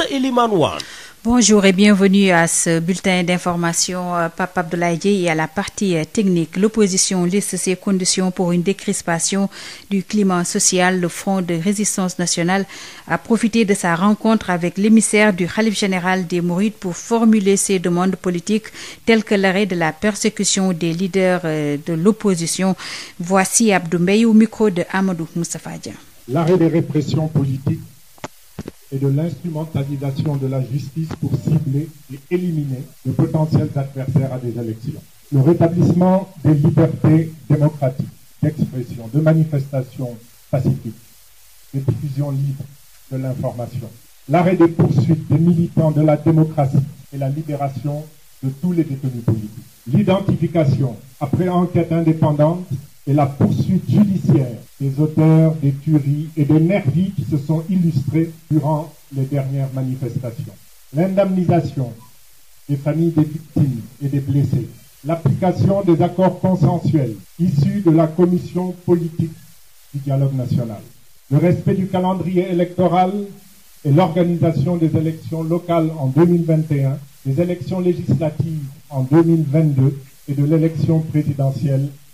Idrissa Elimane Wane Bonjour et bienvenue à ce bulletin d'information euh, Pape Abdoulaye Dièye et à la partie euh, technique. L'opposition liste ses conditions pour une décrispation du climat social. Le Front de résistance nationale a profité de sa rencontre avec l'émissaire du Khalife général des Mourides pour formuler ses demandes politiques telles que l'arrêt de la persécution des leaders euh, de l'opposition. Voici Abdou Mbaye au micro de Amadou Moustapha Dia. et de l'instrumentalisation de la justice pour cibler et éliminer de potentiels adversaires à des élections. Le rétablissement des libertés démocratiques d'expression, de manifestation pacifique, de diffusion libre de l'information, l'arrêt des poursuites des militants de la démocratie et la libération de tous les détenus politiques, l'identification, après enquête indépendante, et la poursuite judiciaire des auteurs des tueries et des nervis qui se sont illustrés durant les dernières manifestations. L'indemnisation des familles des victimes et des blessés. L'application des accords consensuels issus de la commission politique du dialogue national. Le respect du calendrier électoral et l'organisation des élections locales en 2021, des élections législatives en 2022 et de l'élection présidentielle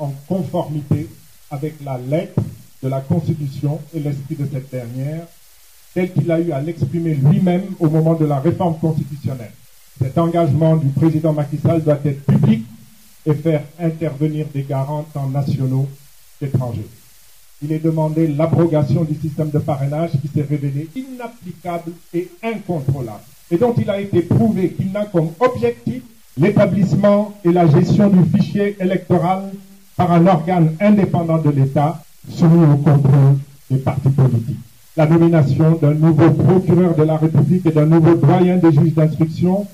en conformité avec la lettre de la Constitution et l'esprit de cette dernière, tel qu'il a eu à l'exprimer lui-même au moment de la réforme constitutionnelle. Cet engagement du président Macky doit être public et faire intervenir des garants tant nationaux qu'étrangers. Il est demandé l'abrogation du système de parrainage qui s'est révélé inapplicable et incontrôlable et dont il a été prouvé qu'il n'a comme l'établissement et la gestion du fichier par un organe indépendant de l'État soumis au contrôle des partis politiques. La nomination d'un nouveau procureur de la République et d'un nouveau doyen des juges d'instruction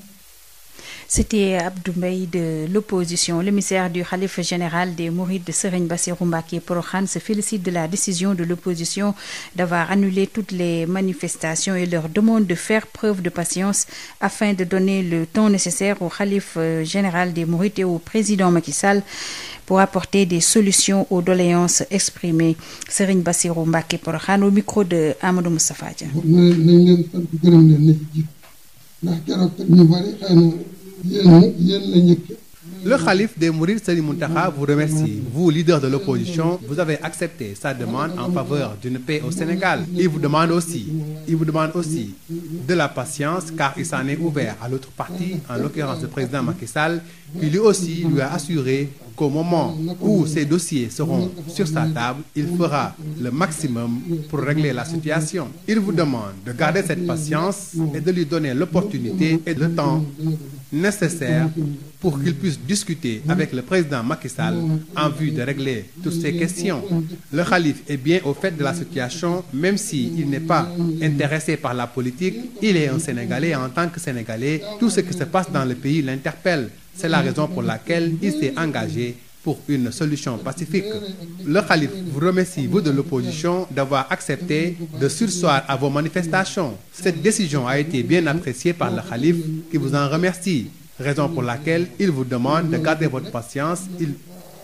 C'était Abdou Mbaye de l'opposition. L'émissaire du Khalife général des Mourides, Serigne Bassirou Mbacké Porokhane, se félicite de la décision de l'opposition d'avoir annulé toutes les manifestations et leur demande de faire preuve de patience afin de donner le temps nécessaire au Khalife général des Mourides et au président Macky pour apporter des solutions aux doléances exprimées Serigne Bassirou Mbacké Porokhane au micro de Amadou Moustapha Le calife des Mourides Serigne Mountakha vous remercie. Vous, leader de l'opposition, vous avez accepté sa demande en faveur d'une paix au Sénégal. Il vous demande aussi, de la patience car il s'en est ouvert à l'autre partie, en l'occurrence le président Macky Sall, qui lui aussi lui a assuré qu'au moment où ces dossiers seront mm. sur sa table, il fera le maximum pour régler la situation. Il vous demande de garder cette patience et de lui donner l'opportunité et le temps nécessaire pour qu'il puisse discuter avec le président Macky Sall en vue de régler toutes ces questions. Le khalife est bien au fait de la situation, même s'il n'est pas intéressé par la politique, il est un Sénégalais en tant que Sénégalais, tout ce qui se passe dans le pays C'est la raison pour laquelle il s'est engagé pour une solution pacifique. Le calife vous remercie, vous de l'opposition, d'avoir accepté de sursoir à vos manifestations. Cette décision a été bien appréciée par le calife qui vous en remercie, raison pour laquelle il vous demande de garder votre patience.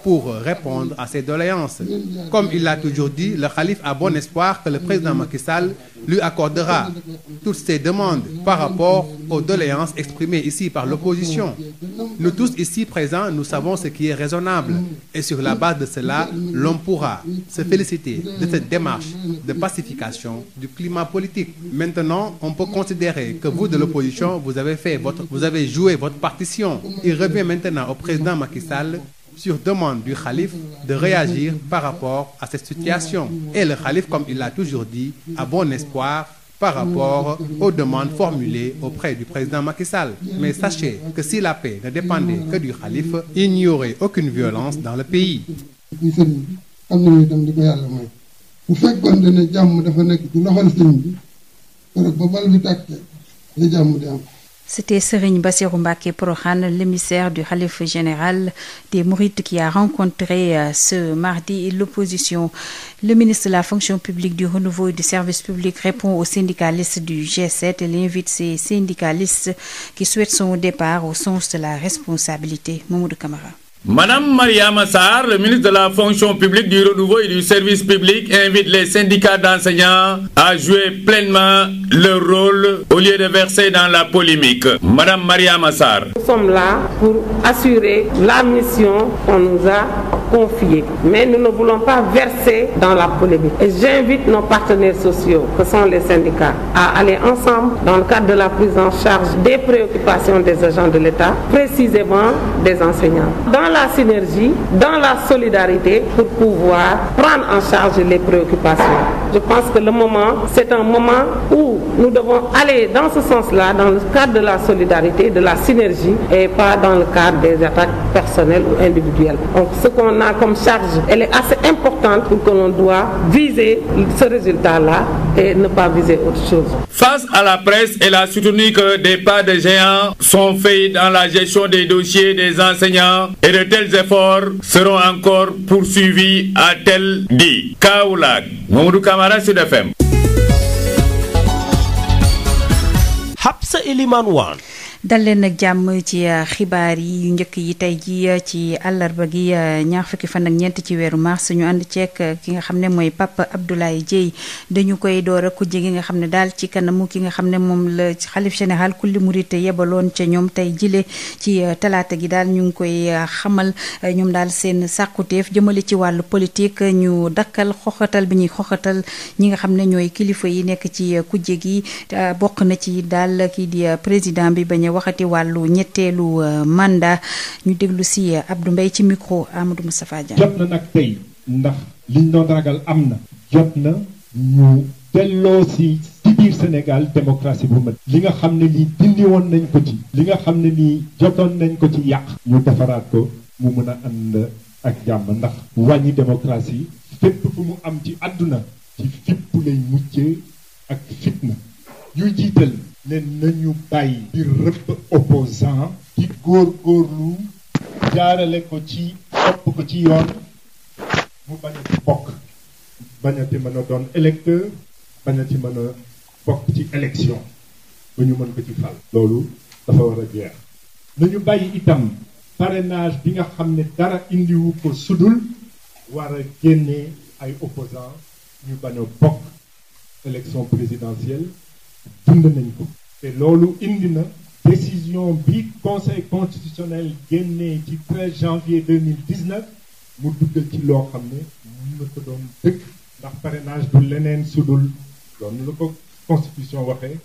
pour répondre à ses doléances. Comme il l'a toujours dit, le calife a bon espoir que le président Macky lui accordera toutes ses demandes par rapport aux doléances exprimées ici par l'opposition. Nous tous ici présents, nous savons ce qui est raisonnable et sur la base de cela, l'on pourra se féliciter de cette démarche de pacification du climat politique. Maintenant, on peut considérer que vous de l'opposition, vous avez joué votre partition. Il revient sur demande du calife de réagir par rapport à cette situation. Et le calife, comme il l'a toujours dit, a bon espoir par rapport aux demandes formulées auprès du président Macky Mais sachez que si la paix ne dépendait que du calife, il n'y aurait aucune violence dans le pays. C'était Serigne Bassirou Mbacké Porokhane, l'émissaire du Khalife général des Mourides qui a rencontré euh, ce mardi l'opposition. Le ministre de la fonction publique, du renouveau et du service public répond aux syndicalistes du G7 et l'invite ces syndicalistes qui souhaitent son départ au sens de la responsabilité. Mamadou Camara. Madame Mariama Sarr, le ministre de la fonction publique du renouveau et du service public, invite les syndicats d'enseignants à jouer pleinement leur rôle au lieu de verser dans la polémique. Madame Mariama Sarr. Nous sommes là pour assurer la mission qu'on nous a confiés. Mais nous ne voulons pas verser dans la polémique. Et j'invite nos partenaires sociaux, que sont les syndicats, à aller ensemble dans le cadre de la prise en charge des préoccupations des agents de l'État, précisément des enseignants. Dans la synergie, dans la solidarité, pour pouvoir prendre en charge les préoccupations. Je pense que le moment, c'est un moment où nous devons aller dans ce sens-là, dans le cadre de la solidarité, de la synergie, et pas dans le cadre des attaques personnelles ou individuelles. Donc, ce qu'on a comme charge, elle est assez importante pour que l'on doit viser ce résultat-là et ne pas viser autre chose. Face à la presse, elle a soutenu que des pas de géants sont faits dans la gestion des dossiers des enseignants et de tels efforts seront encore poursuivis, a-t-elle dit. Kaoulak, Mamoudou Kamara, Sud FM. Hapsa Eliman dal leen nag jàmm ci euh, xibaar yi njëkk yi tey ji euh, ci àllarba gi euh, ñaar fukki fan ak ñeent ci weeru mars ñu ànd ceek ki nga xam ne mooy Pape Abdoulaye Dieye dañu koy door ak kujje gi nga xam ne daal ci kanamu ki nga xam ne moom la xalif général kulli murite yebaloon ca ñoom tey jile ci talaata gi daal ñu ngi koy xamal ñoom daal seen sàkkuteef jëmale ci wàllu politique ñu dakkal xoxatal bi ñuy xoxatal ñi nga xam ne ñooy kilifa yi nekk ci kujje gi bokk na ci daal kii di président bi bañ waxati wàllu ñetteelu euh, mandat ñu déglu si euh, Abdou Mbaye ci micro Amadou Moustapha Diagne. jot na nag tey ndax liñ doon ragal am na. jot na ñu delloo si ci biir Sénégal démocratie bu nga xam ne lii dindi woon nañ ko ci. li nga xam ne lii jotoon nañ ko ci yàq. ñu defaraat ko mu mën a ànd ak jàmm ndax. wàññi démocratie fépp fu mu am ci àdduna. ci fipp lay muccee ak fitna yuy jiital. ne nañu bàyyi di rëbb opposant di góorgóorlu jaarale ko ci topp ko ci yoon mu bañati bokk bañati mën a doon électeur bañati mën a bokk ci élection ba ñu mën ko ci fal loolu dafa war a jeex nañu bàyyi itam parrainage bi nga xam ne dara indiwu ko sudul war génnee ay opposant ñu bañ bokk élection présidentielle dund nañ ko te loolu indi na décision bi conseil constitutionnel génnee ci 13 janvier 2019 mu duggal ci loo xam ne mun na ko doon dëkk ndax parenage du leneen sudul doon la ko constitution waxee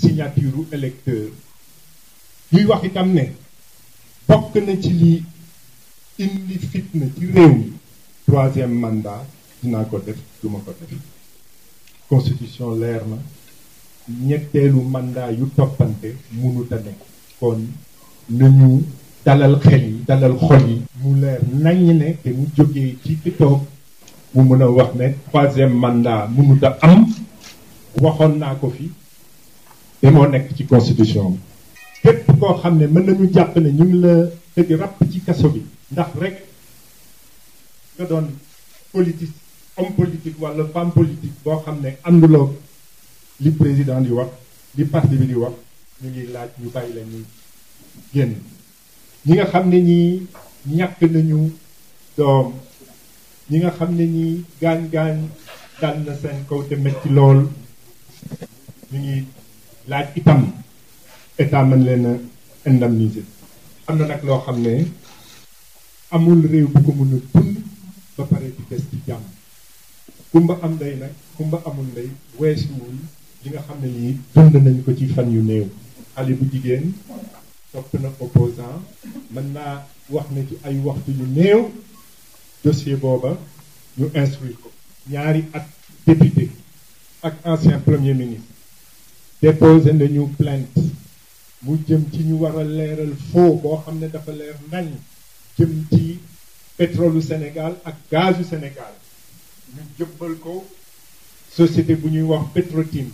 signature u électeur ñuy wax itam ne bokk na ci li indi fitna ci réew mi troisième mandat dinaa ko def du ko def constitution leer na ñetteelu mandat yu toppante mënut a nekk kon nañu dalal xel yi dalal xol yi mu leer naññ ne te mu jógee ci ki toog mu mën a wax ne troisième mandat mënut a am waxoon naa ko fi te moo nekk ci constitution bi képp koo xam ne mën nañu jàpp ne ñu ngi la tëgg ràpp ci kaso bi ndax rek nga doon politique homme politique wala femme politique boo xam ne ànduloo li président di wax li parti bi di wax ñu ngi laaj ñu bay leen ñu génn ñi nga xam ne ñii ñàkk nañu doom ñi nga xam ne ñii gaañ-gaañ dal na seen kaw te metti lool ñu ngi laaj itam état mën leen a indemniser am na nag loo xam ne amul réew bu ko mën a dund ba pare di des ci jàmm kumba am ndey nag kumba amul ndey weesuwul li nga xam ne nii dund nañu ko ci fan yu néew xale bu jigéen topp na opposant mën naa wax na ci ay waxtu yu néew dossier booba ñu instruire ko ñaari at député ak ancien premier ministre déposé nañu plainte mu jëm ci ñu war leeral faux boo xam ne dafa leer nañ jëm ci pétrole Sénégal ak gazu Sénégal ñu jëbbal ko société bu ñuy wax Petrotim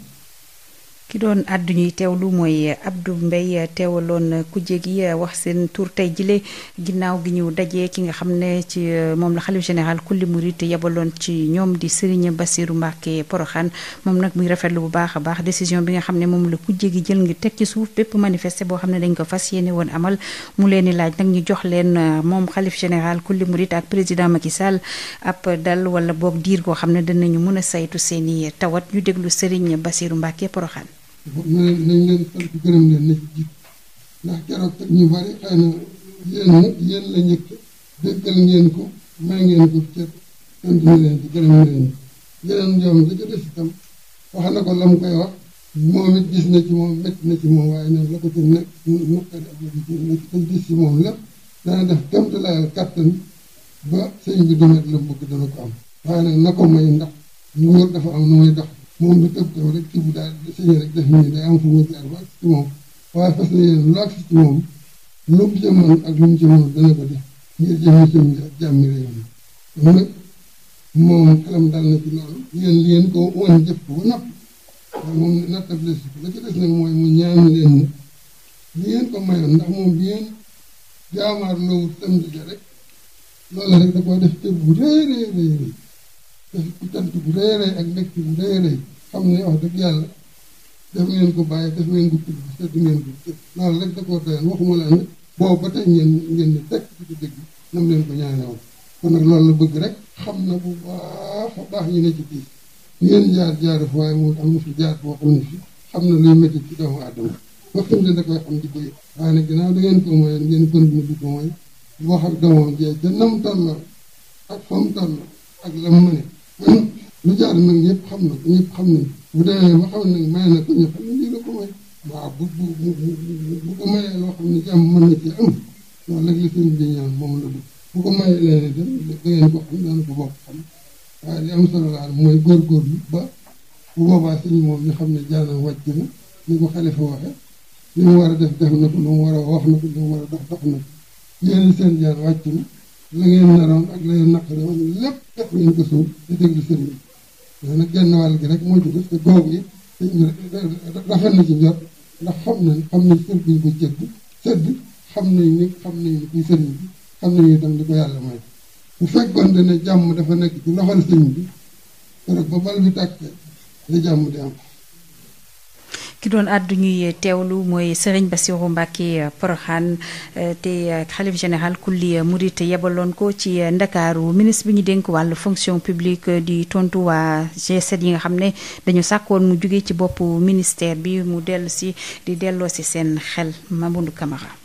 ki doon àddu ñuy teewlu mooy Abdou Mbaye teewaloon kuje gi wax seen tur tey jile ginnaaw gi ñu dajee ki nga xam ne ci euh, moom la xalif général kulli murit yebaloon ci ñoom di Serigne Bassirou Mbacké Porokhane moom nag muy rafetlu bu baax a baax bi nga xam ne moom la kuje gi jël ngir teg ci suuf bépp manifester boo xam ne dañ ko fas yéene woon amal mu leen di laaj nag ñu jox leen euh, moom xalif général kulli murit ak président Macky Sall ab dal wala boog diir koo xam ne danañu mën a saytu seen i tawat ñu déglu Serigne Bassirou Mbacké Porokhane mu ne nañ leen sant gërëm leen na ci jiit ndax keroog kat ñu bari xëy na yéen yéen la njëkk déggal ngeen ko may ngeen ko cër sant na leen ci gërëm leen yoon la ca des itam na ko la mu koy wax moom gis na ci moom métti na waaye nag la ko ci nekk nukkari gis ci moom lépp dana def kéemtalaayal kattan ba sëñ bi du la bëgg dana ko am waaye nag na ko may ndax nguur dafa am nu muy dox moom nag ab taw rek ci bu rek def nii day am fu mu ak ci moom lu ak ci moom lu mu ci mën lu ak jàmmi moom xelam dal na ci loolu yéen yéen ko wan jëf ko moom la ci des nag mooy mu ñaan leen ne li ngeen ko mayoon ndax moom bi ngeen jaamaar loolu tam di rek loolu rek da koo def cër bu rëy rëy rëy def cant bu rëy rëy ak mbégte bu rëy rëy xam ne wax dëgg yàlla def ngeen ko bàyyi def ngeen ko publicité di ngeen ko jëf loolu rek da koo doyoon waxuma la ne boobu ba tey ngeen ngeen ni tekk ci di dëgg nam leen ko ñaane woon kon nag loolu la bëgg rek xam na bu baax a baax ñu ne ci biir ngeen jaar jaaru fi waaye moom am na fi jaar boo xam ne fi xam na luy métti ci doomu aadama ba fi mu da koy xam di ko yëg waaye nag ginnaaw da ngeen ko mooy ngeen continué di ko mooy wax ak doomam jee ca nam toll ak fa mu toll ak la mu mëne lu jaar nag ñëpp xam na ñëpp xam nañ bu demee ba xam ne may na ko ñëpp lii la ko may waaw bu bu bu bu ko mayee loo xam ne jàmm mën na ci am loolu rek li sëñ bi ñaan moom la du bu ko mayee léeg-léeg da ngeen ko xam daan ko bokk xam waaye li am solo daal mooy góorgóorlu ba bu boobaa sëñ moom ñu xam ne jaanam wàcc na ni ko xalifa waxe li mu war a def def na ko lu mu war a wax na ko lu mu war a dox dox na ko yéen seen jaan wàcc na la ngeen naroon ak la ngeen naqaroon lépp def ngeen ko suuf di déglu sëñ bi loolu nag genn wàll gi rek moo ci def te góor gi rafet na ci njot ndax xam nañ xam nañ sër biñ ko jëdd sëdd xam nañ ni xam nañ ni kuy sëriñ bi xam nañ itam li ko yàlla mooy bu fekkoon ne jàmm dafa nekk ci loxol sëriñ bi keroog ba bal bi tàkkee la jàmm di am ki doon àddu ñuy teewlu mooy Serigne Bassirou Mbacké Porokhane eh, te eh, xalif général kulli murit yebaloon ko ci eh, ndakaaru ministre bi ñu dénk wàllu fonction publique di tontu waa G7 yi nga xam ne dañu sàkkoon mu jóge ci boppu ministère bi mu dellu si di delloo si seen xel Mamadou Camara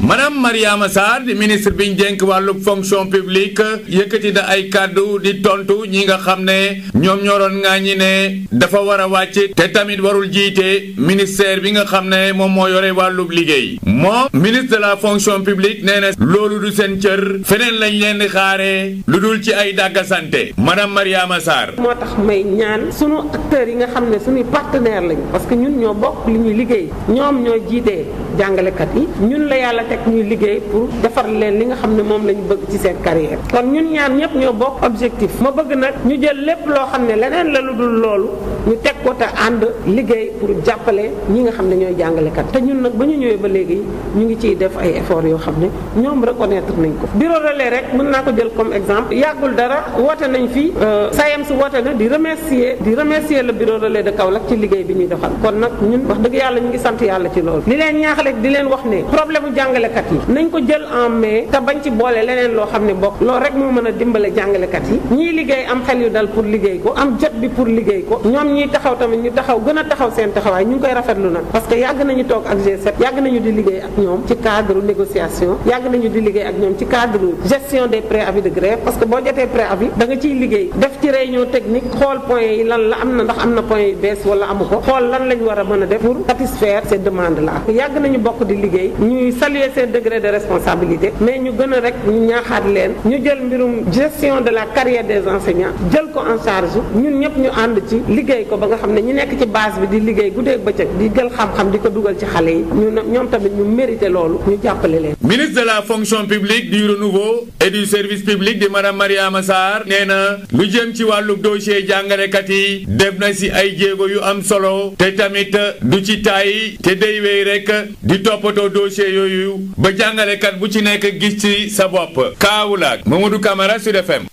madame Mariama Sarr di ministre bi ñu dénk wàllu fonction publique yëkkati na ay kàddu di tontu ñi nga xam ne ñoom ñoo doon ngaa ñi ne dafa war a wàcc te tamit warul jiite ministère bi nga xam ne moom moo yore wàllu liggéey moom ministre la fonction publique nee na loolu du seen cër feneen lañ leen di xaaree lu dul ci ay dàggasante santé madame Mariama Sarr. moo tax may ñaan sunu acteurs yi nga xam ne suñuy partenaire lañ parce que ñun ñoo bokk li ñuy liggéey ñoom jiite jàngalekat yi yàlla teg ñuy liggéey pour defar leen li nga xam ne moom la ñu bëgg ci seen carrière kon ñun ñaar ñëpp ñoo bokk objectif ma bëgg nag ñu jël lépp loo xam ne leneen la lu dul loolu ñu teg ko te ànd liggéey pour jàppale ñi nga xam ne ñooy jàngalekat te ñun nag ba ñu ñëwee ba léegi ñu ngi ciy def ay effort yoo xam ne ñoom reconnaître nañ ko bureau relais rek mën naa ko jël comme exemple yàggul dara woote nañ fii euh, SAEMS woote na di remercier di remercier le bureau relais de Kaolack ci liggéey bi ñuy defal kon nag ñun wax dëgg yàlla ñu ngi sant yàlla ci loolu jàngalekat yi nañ ko jël en mai te bañ ci boole leneen loo xam ne bokk loolu rek moo mën a dimbale jàngalekat yi ñii liggéey am xel yu dal pour liggéey ko am jot bi pour liggéey ko ñoom ñiy taxaw tamit ñu taxaw gën a taxaw seen taxawaay ñu ngi koy rafetlu nag parce que yàgg nañu toog ak G7 yàgg nañu di liggéey ak ñoom ci cadre négociation yàgg nañu di liggéey ak ñoom ci cadre gestion des préavis de grève parce que boo jotee préavis da nga ciy liggéey def ci am na ndax am na point yu bees wala amu a mën a def pour satisfaire ces demandes saluer de responsabilité mais ñu gën a ñu ñaaxaat leen ñu jël mbirum gestion de la carrière des enseignants jël ko en charge ñun ñëpp ñu ànd ci liggéey ko ba nga xam ne ñu nekk ci base bi di liggéey guddeeg bëccëg di jël xam-xam di ko dugal ci xale yi ñu ñoom tamit ñu mérité loolu ñu jàppale leen. ministre de la fonction publique du renouveau et du service public di madame Mariama Sarr nee na lu jëm ci wàllu dossier jàngalekat def na si ay jéego yu am solo te tamit du ci taay yooyu ba jàngalekat bu ci nekk gis ci sa bopp Kaolack Mamadou Camara Sud FM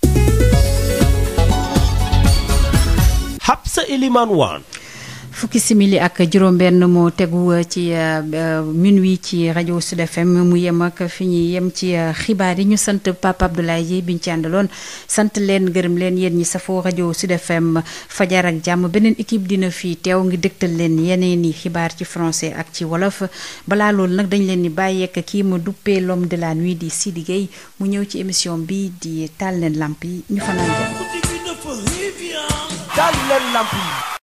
fukki simili ak juróom-benn moo tegu uh, ci uh, uh, minuit ci rajo Sud FM mu yem ak fi ñu yem ci xibaar yi ñu sant papa Abdoulaye yi biñ ci àndaloon sant leen gërëm leen yéen ñi safoo rajo Sud FM fajar ak jàmm beneen équipe dina fi teew ngi dëgtal leen yeneen i xibaar ci français ak ci wolof balaa loolu nag dañ leen di bàyyeek kii ma duppee l'homme de la nuit di Sidi Gueye mu ñëw ci émission bi di taal leen lamp yi ñu fanaan jàmm. taal leen yi.